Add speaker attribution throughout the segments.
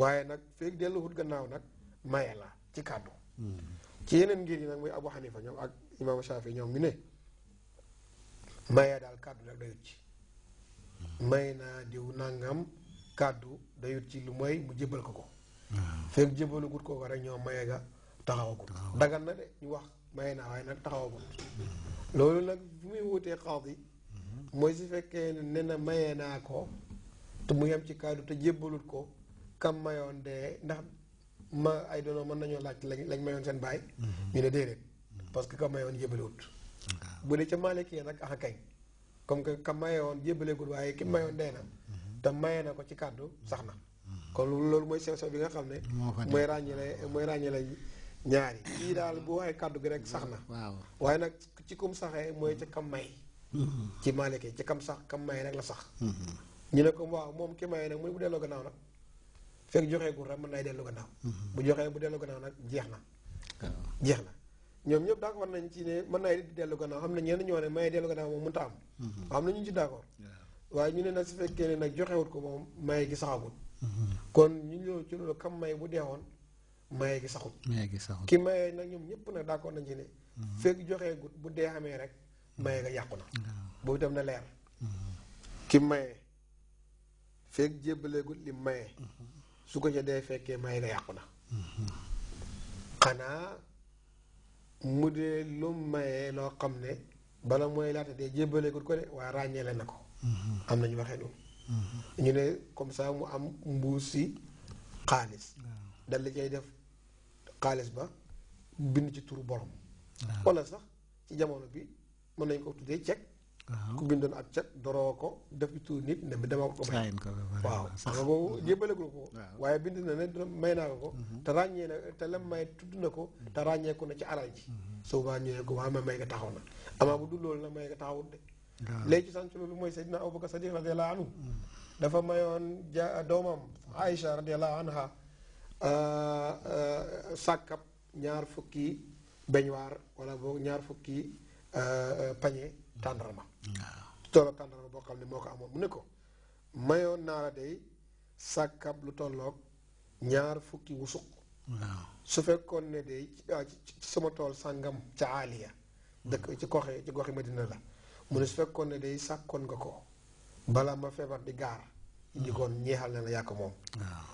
Speaker 1: waaye nag feeg dellu gannaaw nag maye la ci kàddu hmm. ci yeneen ngir yi nag muy abu xanifa ñoom ak imaam shafi ñoom ñu ne maye daal kàddu rek dayut ci hmm. may naa diw nangam kàddu dayut ci lu mooy mu jébal ko ko hmm. feeg jébalugut koo ko rek ñoo maye ga taxawagut dagan na de ñu wax maye naa waaye nag taxawagut loolu nag fi muy wutee bi mooy si fekkee ne na maye naa ko te mu yem ci kàddu te jébalut ko kam mayoon de ndax ma ay dono mën nañoo laaj lañ lañ mayoon seen baay. Mhm. ñu ne déedéet parce que kam mayoon jébalewut bu dee ca Maalik yee nag axa ah comme que kam mayoon jébalewut waaye ki mayoon dee na mhm. te maye na ko ci kàddu sax na mhm. kon loolu mooy sew bi nga xam ne mooy ràññale mooy ràññale ñaari lii daal boo waxee kàddu gi rek sax na waaye nag ci kum saxee mooy ca kam may ci Maalik ci kam sax kam may rek la sax ñu ne ko waaw moom ki may nag mu ne bu delloo gannaaw nag fekk joxee gur rek mën nay dellu gannaaw mhm. bu joxee bu dellu gannaaw nag jeex na jeex na ñoom ñëpp d'accord nañ ci ne mën nay dellu gannaaw xam ne ñenn ñoo ne may dellu gannaaw moom mënta am mhm. am na ñu ci d'accord waaye ñu ne nag su fekkee ne nag joxewut ko moom maye gi saxagut mhm. kon ñu ñëw ci loolu kam may bu deewoon maye gi saxut ki maye nag ñoom ñëpp nag d'accord nañ ci ne fekk joxee gut bu dee xamee rek maye ga yàqu na boobu itam na leer ki maye fekk jébbalee gut li maye su ko ca dee fekkee may nga yàqu na xanaa mu dee lu mayee loo xam ne bala mooy laata dee jébbale ko de waaye ràññeele na ko am nañu waxee noonu ñu ne comme sax mu am mbuus si xaalis dal li cay def xaalis ba bind ci turu borom wala sax ci jamono bi mën nañ ko tuddee cek ku bindoon ak cet doroo ko def tuur nit ne dama ko may
Speaker 2: waaw xam nga boobu jébbalagul ko
Speaker 1: waaye bind na ne may naa ko mhm. te ràññee na te lam may tudd na ko mhm. te ràññee na ci alal ji souvent ñu ne ko waa may nga taxaw na amaa bu dul loolu na may nga taxawut de léegi ci sant loolu mooy Seydina Abubakar sa radiallahu anhu mhm. dafa mayoon ja doomam Aïcha radiallahu anha euh, euh, sàkkab ñaar fukki beñwaar wala boog ñaar fukki euh, pañe tàndarma tool ak tàndarma boo xam ne moo ko amoon mu ne ko mayoon naa la day sàkkab lu tollook ñaar fukki wusuk su fekkoon ne day ah, ci sama tool sàngam ca aaliya dëkk hmm. ci goxe ci goxi Madina la mu ne su fekkoon ne day sàkkoon nga ko balaa ma feebar di gaar ñi hmm. koon ñeexal na la yàq moom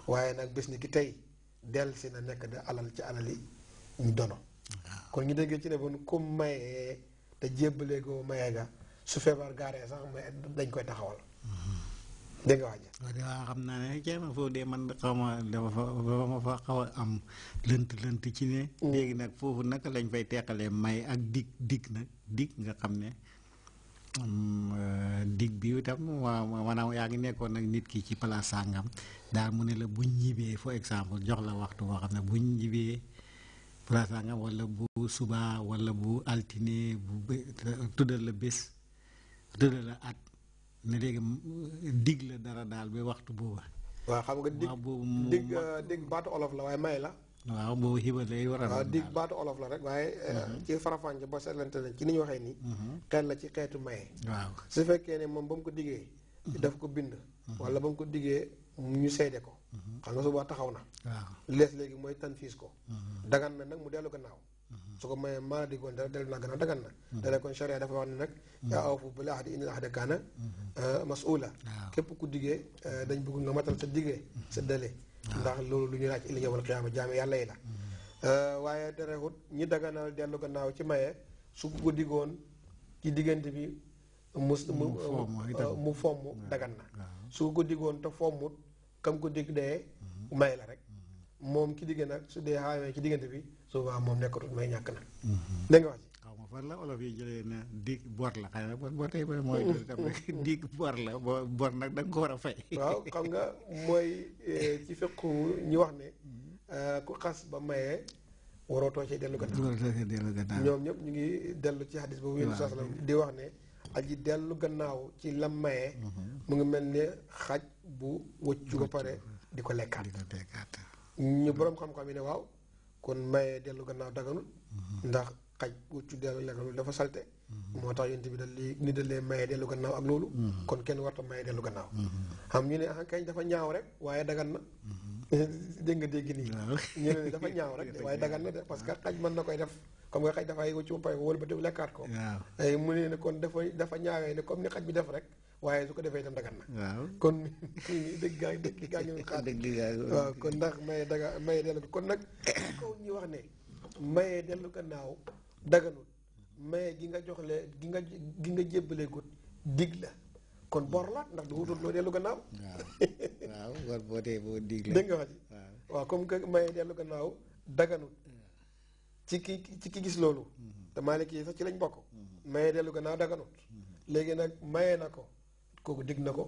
Speaker 1: waaye nag bés ni ki tey del si na nekk da alal ci alali ñu dono kon ñu déggee ci ne bon ku mayee te jébbalee ko maye ga su feebar gaaree sax may dañ koy taxawal.
Speaker 2: dégg nga waaj. waaw xam naa ne Thierno foofu de man xaw ma dafa fa xaw a am lënt lënt ci ne. Mm. léegi nag foofu naka lañ fay teqalee may ak dik dig nag dig nga xam ne euh, dig bi itam waaw maanaam yaa ngi nekkoon nag nit ki ci place sàngam daal mu ne la buñ ñibbee for exemple jox la waxtu boo xam ne bu ñibbee. balaa sàngam wala bu subaa wala bu altine bu tuddal la bés tuddal la at ne léegi dig la dara daal ba waxtu booba
Speaker 1: waaw xam nga dig dig euh, dig baatu olof la waaye may la waaw boobu xibaar lay war baatu olof la rek waaye euh, mhm. ci farafànc ba seetlante ne ci ni ñu waxee nii xel mhm. la ci xeetu maye waaw su fekkee ne moom ba mu ko diggee mhm. daf ko bind wala ba mu ko diggee ñu seede ko xam nga suba taxaw na lees léegi mooy tan fiis ko mhm. dagan na nag mu dellu gannaaw mhm. su ko mayee maa di goon dara dellu naa gannaaw dagan na mhm. dale kon charia dafa wax ne nag yaa aw foofu bala ahdi inil ahda kaana euh, mas'uula képp ku diggee euh, dañ bëgg nga matal sa diggee sa ndax loolu lu ñu laaj illa yawmal qiyaama jaame yàlla yi la euh, waaye terewut ñi daganal dellu gannaaw ci maye su ko diggoon ci diggante bi mu mu fomm dagan na su ko diggoon te fommut kam ko dig dee mhm. may la rek moom ki digg nag su dee xaawee ci diggante bi souvent moom nekkatul may ñàkk na mhm. dégg wax
Speaker 2: ji xaw ma fan la olof yi jëlee na dig bor la xëy na boo tey mooy loolu tam rek dig boo bor nag da nga ko war a fay
Speaker 1: waaw xam nga mooy eh, ci fekku ñi wax ne eh, ku xas ba mayee waroo too cee dellu gannaaw ñoom ñëpp ñu ngi dellu ci xadis boobu yéen la di wax ne aji dellu gannaaw ci lam maye. Mhm. mu ngi mel ni xaj bu wëccu ba pare di ko lekkaat ñu boroom xam-xam yi ne waaw kon maye dellu gannaaw daganul mhm. ndax xaj wëccu dellu lekkanul dafa salte mhm. moo tax yonte bi dal li ni dalee maye dellu gannaaw ak loolu kon kenn warta maye dellu gannaaw xam ñu ne ah kañ dafa ñaaw rek waaye dagan na dégg nga dégg nii ñu ne dafa ñaaw rek waaye dagan na de parce que xaj mën na koy def comme nga xaj dafay ci ba pare wala ba tegu lekkaat ko. waaw mu ne kon dafa dafa ñaaree ne comme ni xaj bi def rek waaye su ko defee itam dagan na. waaw kon dëgg gaa dëgg gaa ñu xaar. dëgg waaw ndax maye daga maye dellu kon nag kaw ñuy wax ne maye dellu gannaaw daganul maye gi nga joxle gi nga gi nga jébbale gut dig la. kon bor la ndax du wutul loo dellu gannaaw. waaw waaw bor boo dee boo la. dégg nga wax waaw comme que maye dellu gannaaw daganul. ci ki ci ki gis loolu mm-hmm. te maaliki yi sax ci lañ bokk mm-hmm. maye dellu gannaaw daganut mm-hmm. léegi nag maye na ko kooku dig na ko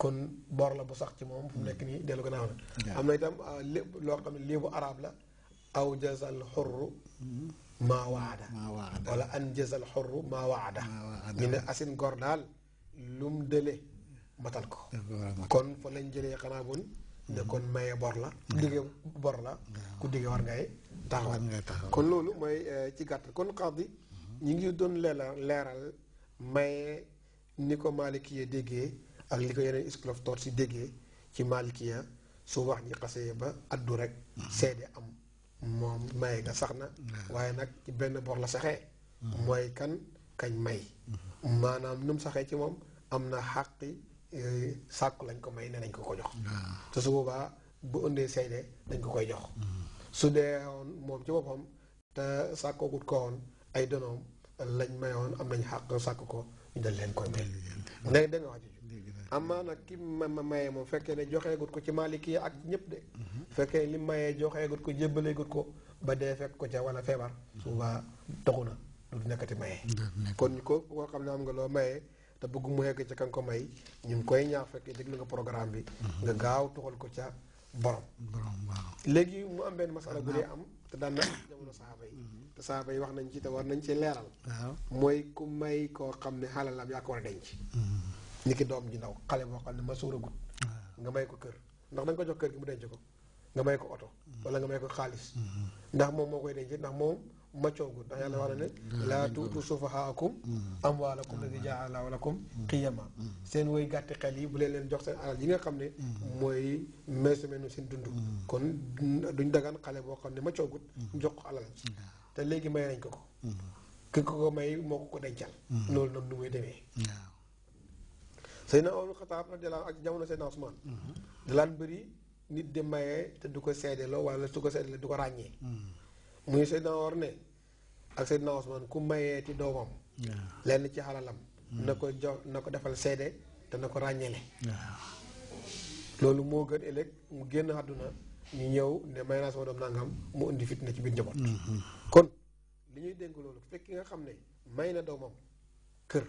Speaker 1: kon bor la bu sax ci moom fu nekk nii dellu gannaaw na am na itam ah, lépp loo xam ne lii bu arab la aw jazal xurru maa
Speaker 2: waada wala
Speaker 1: an jazal xurru maa waada ñu ne asin gor daal lum dële matal ko kon fa lañ jëlee xanaa bun ne kon maye bor la ku digge bor la ku digge war ngay taxawaat kon loolu mooy euh, ci gàttal kon xaadi ñu ngi doon leeral leeral maye ni ko maalikiya déggee ak li ko yeneen iskolof toor si déggee ci maalikiya su wax ji xasee ba addu rek mm-hmm. seede am moom maye nga sax na mm-hmm. waaye nag ci benn bor la saxee
Speaker 2: mm-hmm. mooy
Speaker 1: kan kañ may maanaam nu saxee ci moom am na xàqi euh, sàkku lañ ko may ne nañ ko ko jox ah. te su boobaa bu ëndee seede dañ ko koy jox su dee woon moom ci boppam te sàkkoogut ko woon ay donoom lañ mayoon am nañ xàq sàkk ko ñu dal leen koy may dégg nga wax ji amaa nag ki ma mayee moom fekkee ne joxeegut ko ci maaliki ak ñëpp de mhm. fekkee li mayee joxee gut ko jébbaleegut ko ba dee fekk ko ca wala feebar mhm. su boobaa taxu na du nekkati mayee kon ñu ko ko xam ne am nga loo mayee te bëgg mu yegg ca kan ko may ñu ngi koy ñaax fekkee déglu nga programme bi mhm. nga gaaw tuxal ko ca borom.
Speaker 2: borom waaw léegi
Speaker 1: mu am benn masala bu dee am te daan na jamono saxaaba yi. Mm-hmm. te saxaaba yi wax nañ ci te war nañ ci leeral. mooy ku may koo xam ne xaalalam yaa ko war a denc. Mm-hmm. ni ki doom ji ndaw xale boo xam ne ma suur a gudd nga may ko kër ndax da ko jox kër gi mu denc ko nga may ko oto. Mm-hmm. wala nga may ko xaalis. ndax moom moo koy denc ndax moom. maccoogul ndax yàlla wax na ne laa tuutu sufahaakum mm. amwaalakum ladi jaalaahu lakum qiyama mm. seen woy gàtti xel yi bu leen leen jox seen alal yi nga xam ne mm. mooy meesumeenu seen dund kon duñ dagan xale boo xam ne maccoogul jox ko alal te léegi may nañ ko ko ki ko ko may moo ko ko dencal loolu noonu nu muy demee Seydina Omar Xataab radiyallaahu ak jamono Seydina Ousmane dalaan bëri nit di maye te du ko seedeloo wala su ko seedeloo du ko ràññee muy Seydina war ne ak Seydina Ousmane ku mayeeti doomam lenn ci xalalam mm. na ko jox na ko defal seede te na ko ràññele loolu moo gën ëllëg mu génn àdduna ñu ñëw ne may naa sama doom nangam mu indi fitna ci biir njaboot mm-hmm. kon li ñuy dénk loolu fekk nga xam ne may na doomam kër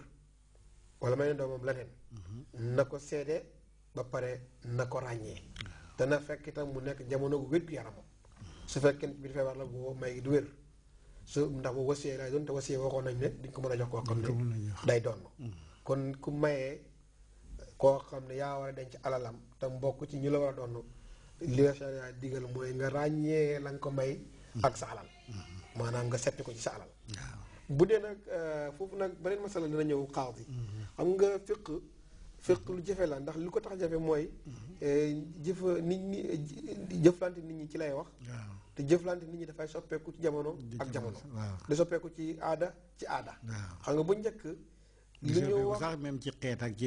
Speaker 1: wala may na doomam leneen mm-hmm. na ko seede ba pare na ko ràññee dana fekk itam mu nekk jamono gu wér gu yaramam su fekkee biir feebar la bu may gi du wér su ndax bu wasiye laay doon te wasiye waxoon nañ ne duñ ko mën a jox koo xam ne day doon kon ku mayee koo xam ne yaa war a denc alalam te mbokk ci ñu la war a doon li la sharia digal mooy nga ràññee lañ ko may ak sa alal maanaam nga setti ko ci sa alal bu dee nag euh, foofu nag beneen masala dina ñëw xaaw bi mm-hmm. xam nga fiq fekk lu jafe la ndax lu ko tax jafe mooy eh, jëf nit ñi eh, jëflante nit ñi ci lay wax te jëflante nit ñi dafay soppeeku ci jamono ak jamono da soppeeku ci aada ci aada xam nga bu njëkk lu ñu
Speaker 2: même ci xeet ak ci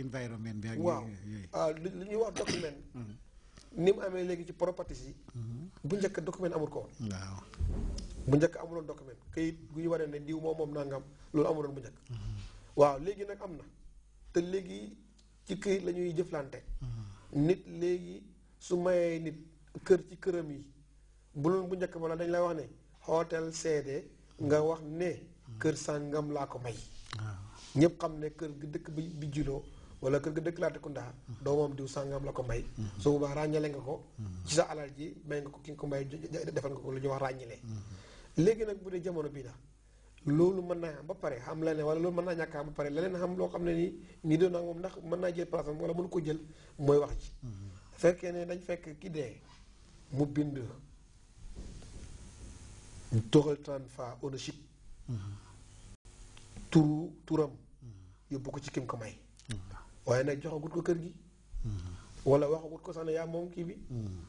Speaker 2: environnement bi ak waaw
Speaker 1: ah, lu ñuy wax document mm-hmm. ni mu amee léegi ci properties yi mm-hmm. bu njëkk document amul ko woon bu njëkk amuloon document këyit guy waree ne diw moom moom nangam loolu amuloon bu njëkk mm-hmm. waaw léegi nag am na te léegi ci këyit la ñuy jëflante. Hmm. nit léegi su mayee nit kër ci këram yi bu loolu bu njëkk ba la dañ lay wax ne hôtel seede nga wax ne hmm. kër sàngam laa ko may. Hmm. ñëpp xam ne kër gi dëkk bi bi juloo wala kër gi dëkk Latrikunda doomam diw sàngam la ko may su boobaa ràññale nga ko ci sa alal ji may nga ko ki nga ko may defal nga ko lu ñuy wax ràññale léegi nag bu dee jamono bii la loolu mën naa am ba pare xam la ne wala loolu mën naa ñàkk am ba pare leneen xam loo xam ne ni ngi doon naa moom ndax mën naa jël place am wala mënu ko jël mooy wax ji mm-hmm. fekkee ne dañ fekk ki dee mu bind toxal transfert ownership mm-hmm. turu turam mm-hmm. yóbbu ko ci kim ko may waaye nag joxagut ko kër gi wala waxagut ko sax ne yaa moom kii
Speaker 2: bi